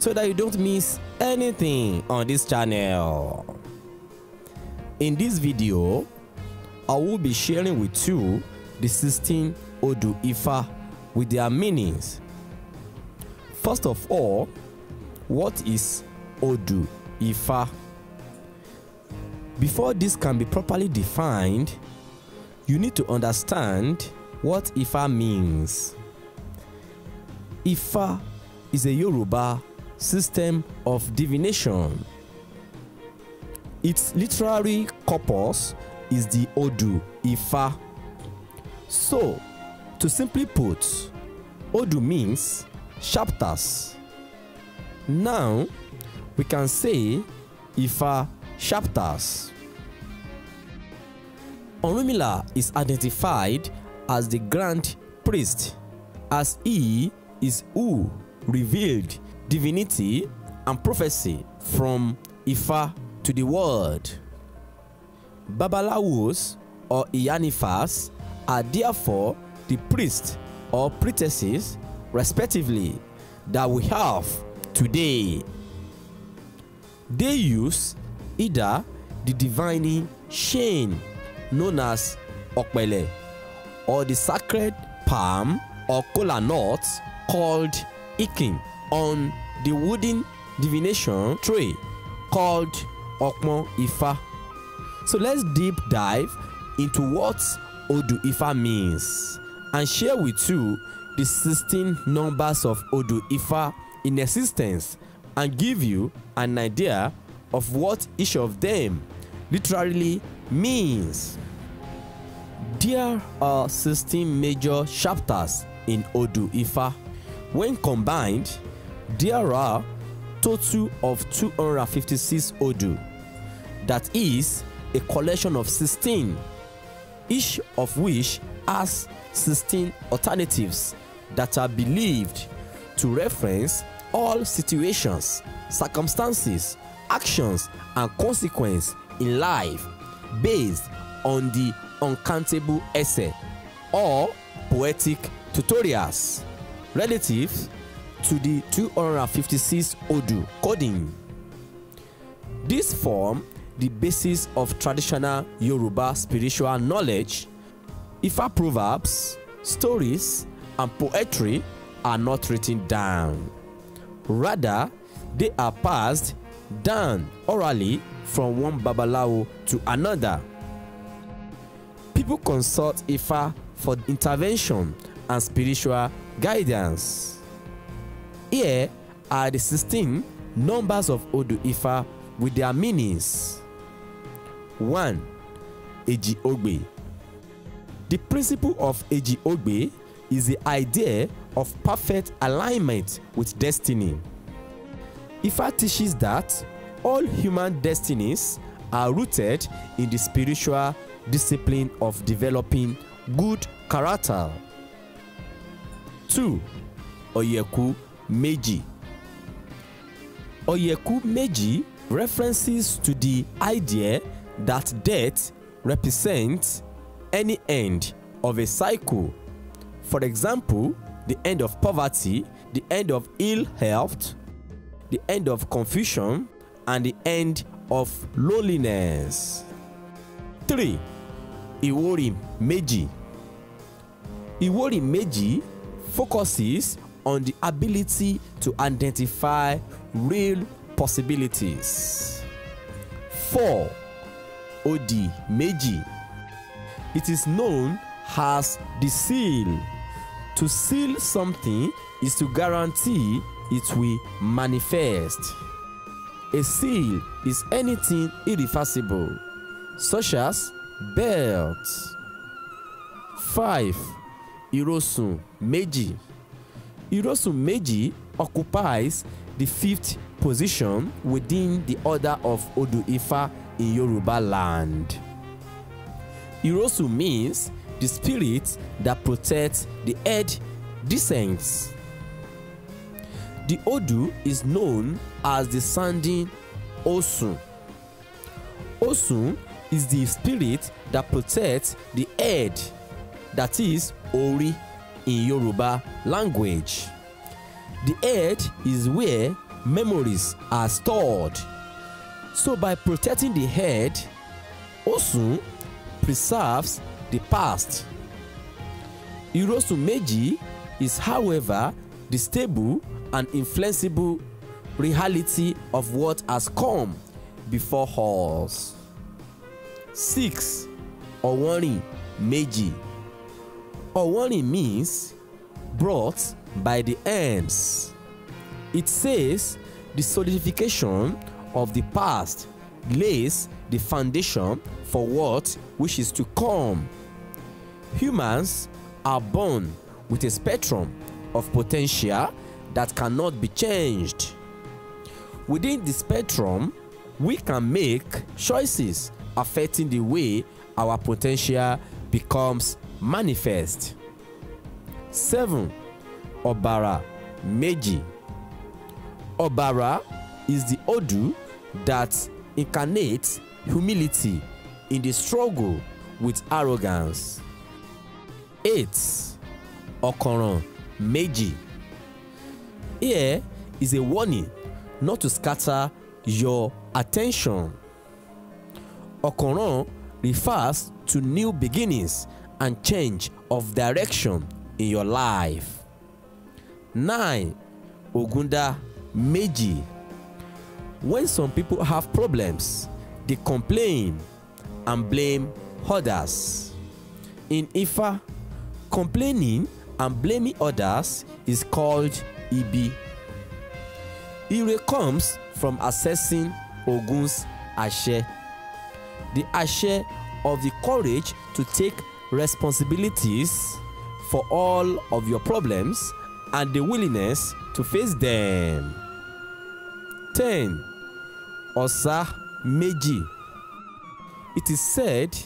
so that you don't miss anything on this channel. In this video, I will be sharing with you the 16 Odu Ifa with their meanings. First of all, what is Odu Ifa? Before this can be properly defined, you need to understand what Ifa means. Ifa is a Yoruba system of divination. Its literary corpus is the Odu Ifa. So, to simply put, Odu means chapters. Now, we can say Ifa chapters. Onumila is identified as the grand priest, as he is who revealed divinity, and prophecy from Ifa to the world. Babalawos or Iyanifas are therefore the priests or priestesses, respectively, that we have today. They use either the divining chain known as Okpele or the sacred palm or kola nut called Ikin on the wooden divination tray called Okmo Ifa. So let's deep dive into what Odu Ifa means and share with you the 16 numbers of Odu Ifa in existence and give you an idea of what each of them literally means. There are 16 major chapters in Odu Ifa. When combined, DRR total of 256 Odu. That is a collection of 16, each of which has 16 alternatives that are believed to reference all situations, circumstances, actions, and consequences in life based on the uncountable essay or poetic tutorials relative to the 256 Odu coding. This form the basis of traditional Yoruba spiritual knowledge. Ifa proverbs, stories, and poetry are not written down. Rather, they are passed down orally from one babalawo to another. People consult Ifa for intervention and spiritual guidance. Here are the 16 numbers of Odu Ifa with their meanings. 1. Eji Ogbe The principle of Eji Ogbe is the idea of perfect alignment with destiny. Ifa teaches that all human destinies are rooted in the spiritual discipline of developing good character. 2. Oyeku méjì Oyeku Meji references to the idea that death represents any end of a cycle. For example, the end of poverty, the end of ill health, the end of confusion, and the end of loneliness. Three, Iwori Meji Iwori Meji focuses on the ability to identify real possibilities. Four, Odi Meji. It is known as the seal. To seal something is to guarantee it will manifest. A seal is anything irreversible, such as belt. Five, Ìrosùn Meji. Hirosu Meiji occupies the fifth position within the order of Odu Ifa in Yoruba land. Hirosu means the spirit that protects the head descends. The Odu is known as the sounding Osun. Osun is the spirit that protects the head, that is, Ori in Yoruba language. The head is where memories are stored. So by protecting the head, Osun preserves the past. Irosun Meji is however the stable and inflexible reality of what has come before us. 6. Ọ̀wọ́nrìn Méjì Owoni means brought by the ends. It says the solidification of the past lays the foundation for what which is to come. Humans are born with a spectrum of potential that cannot be changed. Within the spectrum, we can make choices affecting the way our potential becomes manifest seven ọ̀bàrà Meji. ọ̀bàrà is the odu that incarnates humility in the struggle with arrogance eight ọ̀kànràn Meji. here is a warning not to scatter your attention. Ọ̀kànràn refers to new beginnings and change of direction in your life. 9. Ogunda Meji When some people have problems, they complain and blame others. In Ifa, complaining and blaming others is called Ibi. Ire comes from assessing Ogun's Ashe. The Ashe of the courage to take responsibilities for all of your problems and the willingness to face them. 10. Ọ̀sà méjì. It is said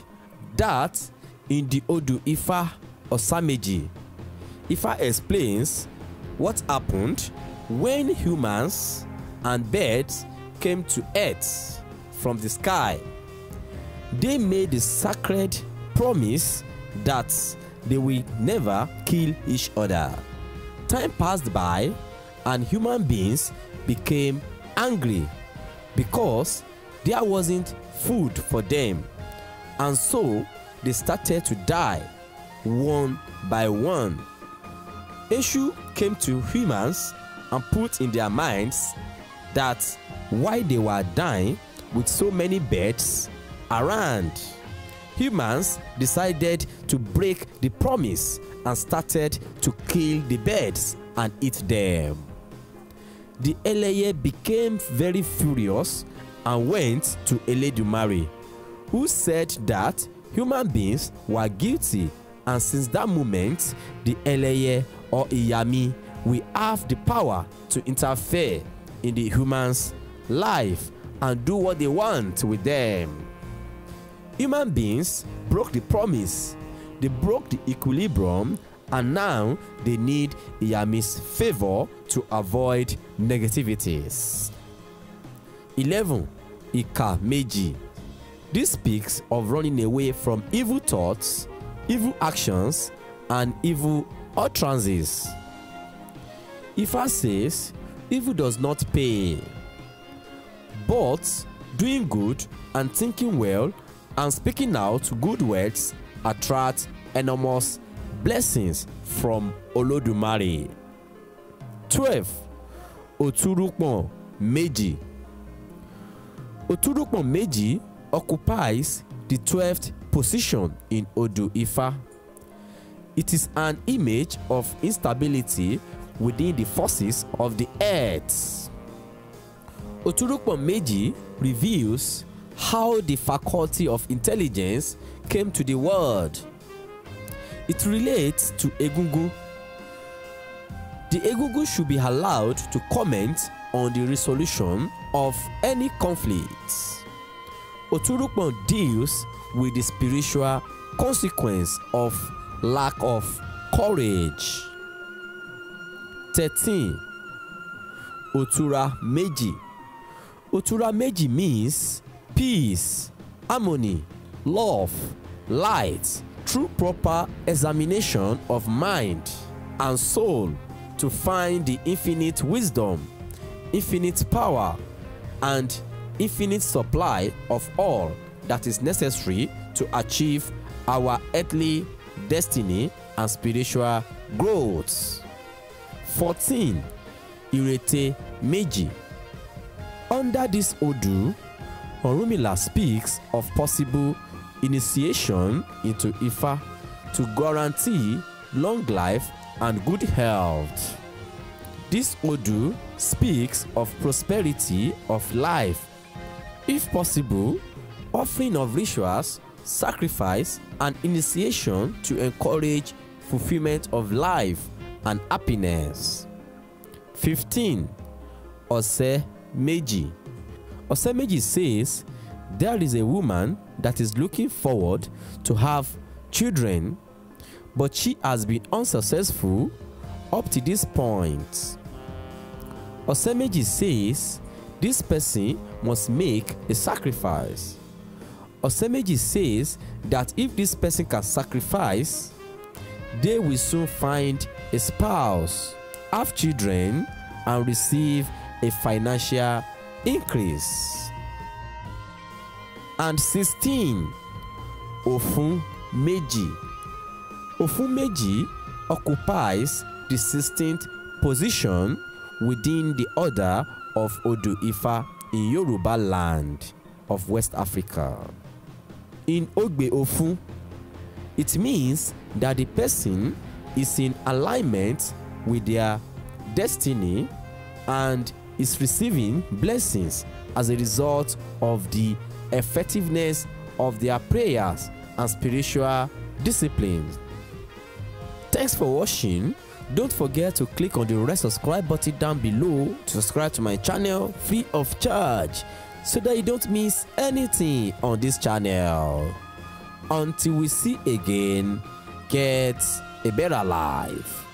that in the Odu Ifa Osameji, Ifa explains what happened when humans and birds came to earth from the sky. They made a sacred promise that they will never kill each other. Time passed by and human beings became angry because there wasn't food for them and so they started to die one by one. Eshu came to humans and put in their minds that why they were dying with so many birds around. humans decided to break the promise and started to kill the birds and eat them. The Eleye became very furious and went to Eledumare, who said that human beings were guilty and since that moment the Eleye or Iyami we have the power to interfere in the humans' life and do what they want with them. Human beings broke the promise, they broke the equilibrium, and now they need Iyami's favor to avoid negativities. 11. Ìkà méjì. This speaks of running away from evil thoughts, evil actions, and evil utterances. Ifa says, evil does not pay. But doing good and thinking well and speaking out good words attract enormous blessings from Olodumare. twelve òtúrúpọ̀n méjì òtúrúpọ̀n Meji occupies the twelfth position in Odu Ifa. It is an image of instability within the forces of the earth. Òtúrúpọ̀n Meji reveals how the faculty of intelligence came to the world. It relates to Egungun. The Egungun should be allowed to comment on the resolution of any conflicts. Oturukpon deals with the spiritual consequence of lack of courage. 13. Otura Meji. Otura Meji means peace, harmony, love, light, through proper examination of mind and soul to find the infinite wisdom, infinite power, and infinite supply of all that is necessary to achieve our earthly destiny and spiritual growth. 14. Ìrètè Meji. Under this Odu, Orunmila speaks of possible initiation into Ifa to guarantee long life and good health. This Odu speaks of prosperity of life, if possible, offering of rituals, sacrifice, and initiation to encourage fulfillment of life and happiness. 15. Ọ̀sẹ̀ méjì. Osemeji says there is a woman that is looking forward to have children, but she has been unsuccessful up to this point. Osemeji says this person must make a sacrifice. Osemeji says that if this person can sacrifice, they will soon find a spouse, have children, and receive a financial increase and sixteen òfun Meji òfun Meji occupies the sixteenth position within the order of Odu Ifa in Yoruba land of West Africa. In Ogbe Ofun, it means that the person is in alignment with their destiny and is receiving blessings as a result of the effectiveness of their prayers and spiritual disciplines. Thanks for watching. Don't forget to click on the red subscribe button down below to subscribe to my channel free of charge so that you don't miss anything on this channel. Until we see again, get a better life.